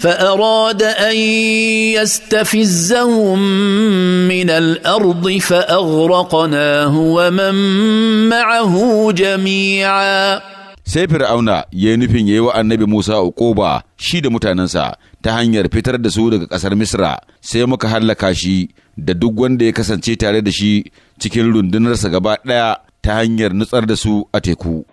فاراد ان يستفزهم من الارض فاغرقناه ومن معه جميعا sai fir'auna ya nufin ya yi wa annabi musa uquba shi da mutanensa ta hanyar fitar da su daga ƙasar misra sai muka hallaka shi da duk wanda ya kasance tare da shi cikin rundunarsa gaba ɗaya ta hanyar nutsar da su a teku